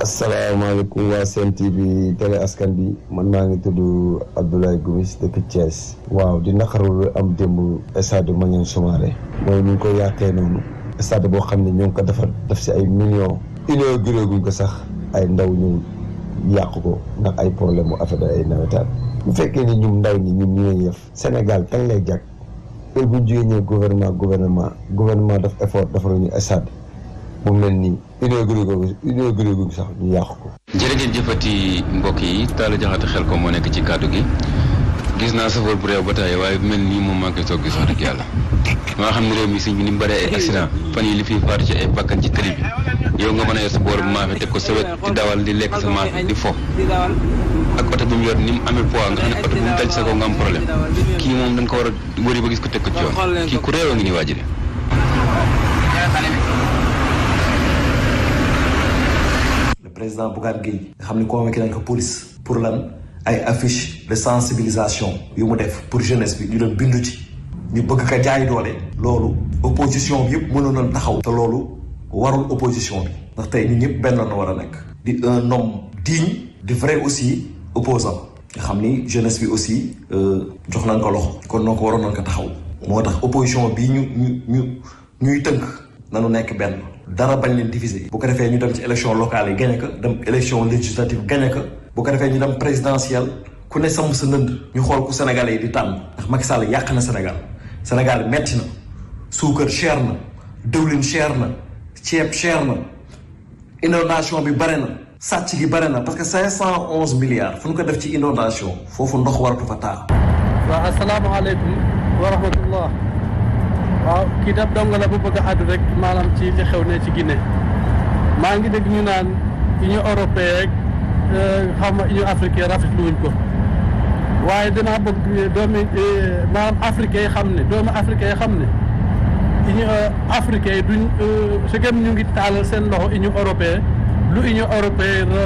asalaamaaleykum waa Sen TV télé askan bi man maa ngi tudd Abdoulaye Gomis dëkk Thiès waaw di naqarul am démb stade Maniang Soumaré mooy ni ñu ko yàqee noonu stade boo xam ne ñoo ngi ko defar def si ay millions inauguré guñ ko sax ay ndaw ñu yàq ko ndax ay problème mu affaire ay nawetaan bu fekkee ni ñum ndaw ñi ñun ñu ngi yëf Sénégal lay jàkk heure bu ñu jógee ñëw gouvernement gouvernement gouvernement daf effort defaruñu stade mu mel nii inauguré googu inauguré googu sax ñu yàq ko. jërëjëf jëfati mbokk yi Talla Diakhaté xel ko moo nekk ci kàddu gi gis naa safar bu réew ba tey waaye bu mel nii moom maa ngi koy soog gis wax dëgg yàlla. maa xam ne réew mi sëñ bi ni mu bëree ay accident fan yi li fi faatu ci ay bakkan ci tëli bi yow nga mën a yor sa boor bu maafe teg ko sa wet di dawal di lekk sa maafe di fo ak oto bi mu yor ni mu amee poids nga xam ne oto bi mu daj sa ko nga am problème kii moom ko war a ba gis ko teg ko ci yoon kii ku réew président Bougane Gueye nga xam ne convoqué nañ ko police pour lan ay affiche de sensibilisation yu mu def pour jeunesse bi ñu doon bindu ci ñu bëgg ko jaay doole loolu opposition bi yëpp mënoon nañ taxaw te loolu warul opposition bi tey ñun ñëpp benn na war a nekk di un homme digne di vrai aussi opposant nga xam ni jeunesse bi aussi euh, jox nañ ko loxo kon noo ko waroon na ko taxaw moo tax opposition bii ñu ñu ñu ñuy tënk nanu nekk benn dara bañ leen diviser. bu ko defee ñu dem ci élection locale yi gagné ko dem élection législative gagné ko bu ko defee ñu dem présidentielle ku ne sàmm sa nënd ñu xool ku Sénégalais yi di tànn ndax Macky Sall yàq na Sénégal Sénégal metti na suukar cher na dëwlin cher na ceeb cher na inondation bi bare na sàcc gi bare na parce que cinq cent onze milliards fu ñu ko def ci inondation foofu ndox waratu fa taa. waaw asalaamaaleykum wa rahmatullah waaw kii tam dong la bu bëgg àddu rek maanaam ci li xew ne ci Guinée maa ngi dégg ñu naan union européenne rek euh, xam nga union ko waaye dinaa bëgg euh, doomi euh, maanaam yi xam ne doomu africain yi xam ne union africain yi duñ su gëm ñu ngi taalal seen loxo union européenne lu union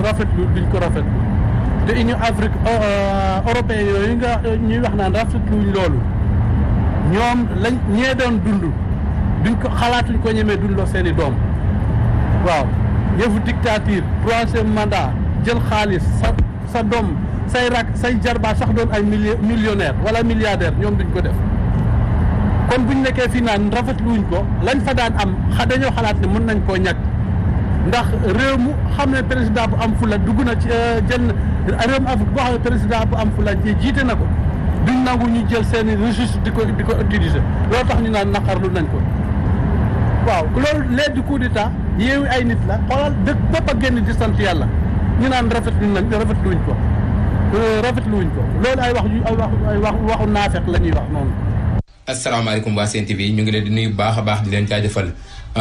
rafet lu duñ ko rafetlu te union afrique européenne yi nga ñuy wax naan rafetluñ loolu ñoom lañ ñee doon dund duñ ko xalaatuñ ko ñemee dundoo seen i doom waaw yëfu dictature troisième mandat jël xaalis sa sa doom say rak say jarbaa sax doon ay millionnaire wala milliardaire ñoom duñ ko def kon buñ nekkee fii naan rafetluwuñ ko lañ fa daan am xa dañoo xalaat ne mën nañ koo ñàkk ndax réew mu xam ne président bu am fula dugg na ci euh, jël réew mu Afrique boo xam ne président bu am fula jiite na ko duñ nangu ñu jël seen i registre di ko di ko utiliser loolu tax ñu naan naqarlu nañ ko waaw loolu léegi coup d'état yeewi ay nit la xoolal dëkk bépp a génn di sant yàlla ñu naan rafetlu nañ rafetlu wuñ ko euh, rafetlu wuñ ko loolu ay wax yu ay wax ay wax waxu naafeq la ñuy wax noonu. asalaamaaleykum waa Sen TV ñu ngi leen di nuyu baax a baax di leen jaajëfal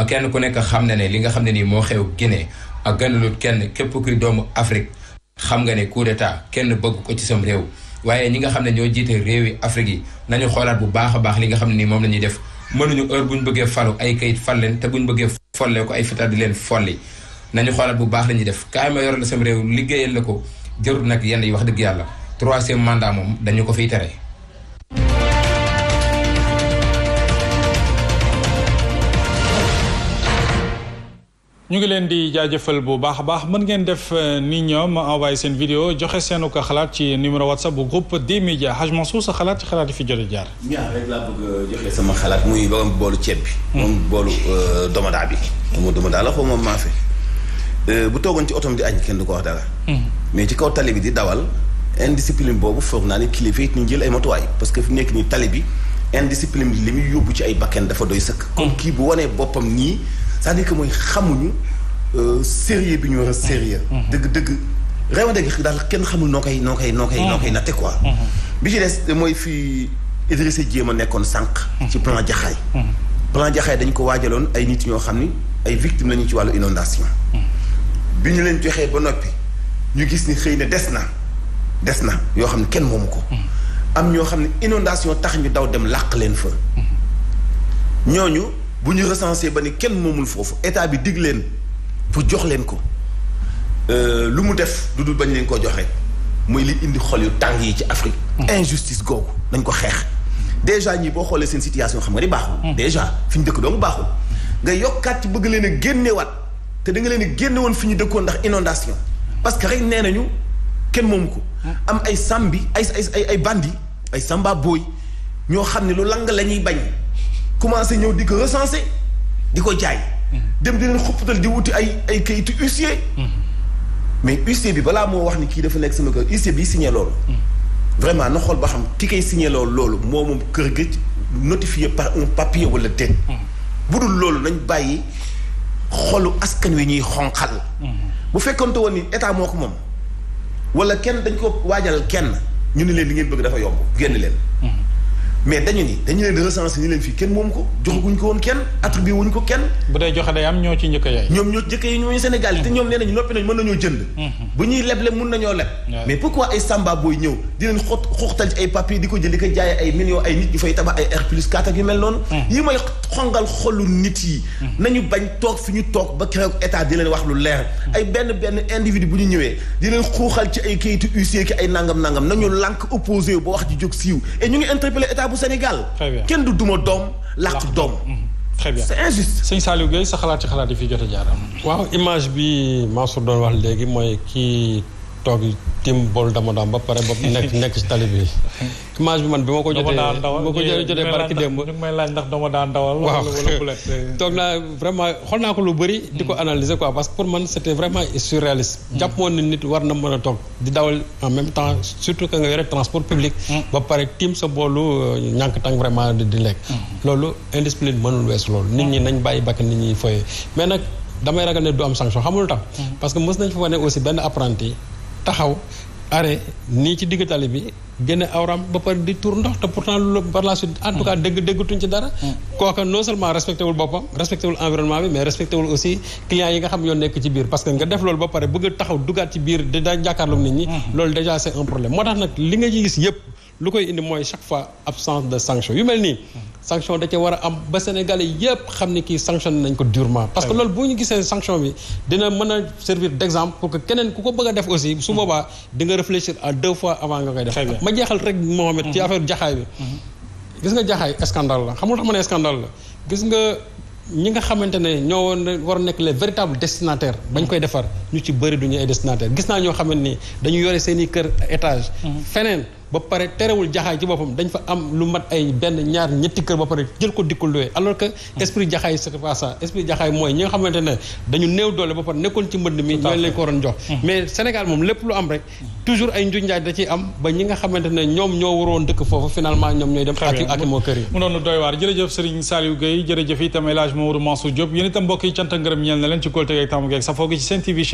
kenn ku nekk xam ne ne li nga xam ne nii moo xew Guinée ak gënalut kenn képp kuy doomu Afrique xam nga ne coup kenn bëgg ko ci sam réew. waaye ñi nga xam ne ñoo jiitee réew yi Afrique yi nañu xoolaat bu baax a baax li nga xam ne nii moom la ñuy def mënuñu heure bu ñu bëggee falu ay kayit fal leen te bu ñu bëggee follee ko ay fitar di leen folli nañu xoolaat bu baax la ñuy def kaay ma yor la sam réew liggéeyal la ko jërul nag yenn yi wax dëgg yàlla troisième mandat moom dañu ko fiy tere ñu ngi leen di jaajëfal bu baax a baax mën ngeen def euh, ni ñoom envoyé seen vidéo joxe seenu ko xalaat ci numéro whatsapp bu groupe D-Media Hadj Mansour sa xalaat ci xalaat yi fi jot jaar. ñaar rek laa xalaat muy borom ceeb bi. moom hmm. boolu euh, domadaa bi. moom domadaa la xaw ma euh, bu toogoon ci otom di añ kenn du ko wax dara. Hmm. mais ci kaw tali bi di dawal indiscipline boobu foog naa ne kilifa it ñu jël ay matuwaay parce que fi nekk nii tali bi indiscipline bi li muy yóbbu ci ay bakken dafa doy sëkk. comme kii bu wanee boppam nii. c'est-à-dire que mooy xamuñu euh, sérieux bi ñu war a sérieux mm-hmm. dëgg dëgg réewante gi daal kenn xamul noo koy noo koy noo koy noo koy mm-hmm. natte quoi mm-hmm. bi ci des mooy fii Idrissa Diema nekkoon sànq ci plan Jaxaay plan Jaxaay dañ ko waajaloon ay nit ñoo xam ni ay victimes lañu ci wàllu inondation bi ñu leen joxee ba noppi ñu gis ni xëy na des na des na yoo xam ne kenn moom ko am ñoo xam ne inondation tax ñu daw dem làq leen fa ñooñu bu ñu recensé ba ni kenn moomul foofu état bi dig leen pour jox leen ko euh, lu mu def du dul bañ leen koo jox mooy li indi xol yu tàng yi ci Afrique. Mm. injustice googu dañ ko xeex. déjà ñii boo xoolee seen situation xam nga ni baaxul. Mm. déjà fi ñu dëkk dong baaxul. nga yokkaat ci bëgg leen a génnewaat te da nga leen a génne woon fi ñu dëkkoon ndax inondation parce que rek nee nañu kenn moomu ko. Mm. am ay sambi ay ay ay bandi ay samba booy ñoo xam ne lu lang la ñuy bañ. commencé ñëw di ko recenser di ko jaay. dem di leen xuppatal di wuti ay ay kayitu huissier. mais huissier bi balaa moo wax ni kii dafa nekk sama kër huissier bi signé loolu. vraiment na xool ba xam ki koy signé loolu loolu moo moom kër gi notifié par un papier wala déet. bu dul loolu nañ bàyyi xolu askan wi ñuy xonqal. bu fekkonte woon ni état moo ko moom. wala kenn dañ ko waajal kenn ñu ni leen li ngeen bëgg dafa yomb génn leen. mais dañu ni dañu leen recensé ni leen fii kenn moom ko joxaguñ ko woon kenn attribué wuñ ko kenn. bu dee joxe day am ñoo ci njëkk yaay. ñoom ñoo njëkk yi ñooñu Sénégal yi te ñoom nee nañu noppi nañu mën nañoo jënd. Mhm. bu ñuy ñu fay may mhm. xongal xolu nit yi. Mhm. nañu bañ toog fi ñu toog ba créé état di leen wax lu leer. ay benn benn individu bu ñu ñëwee di leen xuuxal ci ay kayitu huissier ki ay nangam nangam nañu lànk opposé ba wax ji jóg siiw et ñu ngi interpellé état bu Sénégal. kenn du duma doom làq doom. Mhm. très bien c'est injuste. sëñ Saliou sa xalaat ci xalaat yi fi jot a waaw image bi Mansour doon wax léegi mooy kii toog tim bool dama daam ba pare ba nekk nekk si tali bi image bi man bi ma ko jotee ma ko jotee barki démb may laaj ndax dama daan dawal waaw toog naa vraiment xool naa ko lu bëri di ko analyser quoi parce que pour man c' était vraiment surréaliste hmm. jàppoon na nit war na a toog hmm. ba sa boolu euh, hmm. ragal ne du am sanction xamul tax parce que nañ fa wane aussi benn apprenti taxaw arrêt nii ci digg tali bi génne awram ba pare di tuur ndox te pourtant loolu par la suite en dégg déggatuñ ci dara hmm. kooka non seulement respecté wul boppam respecté wul environnement bi mais respecté wul aussi clients yi nga xam ñoo nekk ci biir parce que nga def loolu ba pare bëgg taxaw dugaat ci biir da jàkkaarloog nit ñi hmm. loolu déjà c'est un problème moo tax nag li nga ci gis yëpp lu koy indi mooy chaque fois absence de sanction yu mel nii hmm. sanction da ca war a am ba sénégalais yépp xam ne kii sanctionné nañ ko durement parce que loolu bu ñu gisee sanction bi dina mën a servir d'exemple pour que keneen ku ko bëgg a def aussi su mhm. boobaa dinga nga réfléchir à deux fois avant nga koy def ma jeexal rek Mohamed ci mhm. affaire jaxaay mhm. gis nga jaxaay scandale la xamul tax ma ne scandale la gis nga ñi nga xamante ne ñoo war a nekk les véritables destinataires bañ koy defar ñu ci bëri duñu ay destinataires gis naa ñoo xamante ni dañu yore seen i kër étage feneen ba pare terewul jaxaay ci boppam dañ fa am lu mat ay benn ñaar ñetti kër ba pare jël ko di ko luwee alors que hmm. esprit jaxaay c'est pas esprit jaxaay mooy ñi nga xamante ne dañu néew doole ba pare nekkoon ci mbënd mi ñooñu lañ ko waroon jox hmm. mais Sénégal moom lépp lu am rek toujours ay njuñ njaaj am ba ñi nga xamante ne ñoom ñoo waroon dëkk foofu finalement ñoom ñooy dem ak moo kër yi mu noonu doy waar jërëjëf Serigne Saliou Gueye jërëjëf itam El Hadj yi cant na leen ci kóolute geeg tàmm geeg safoo gi ci Sen TV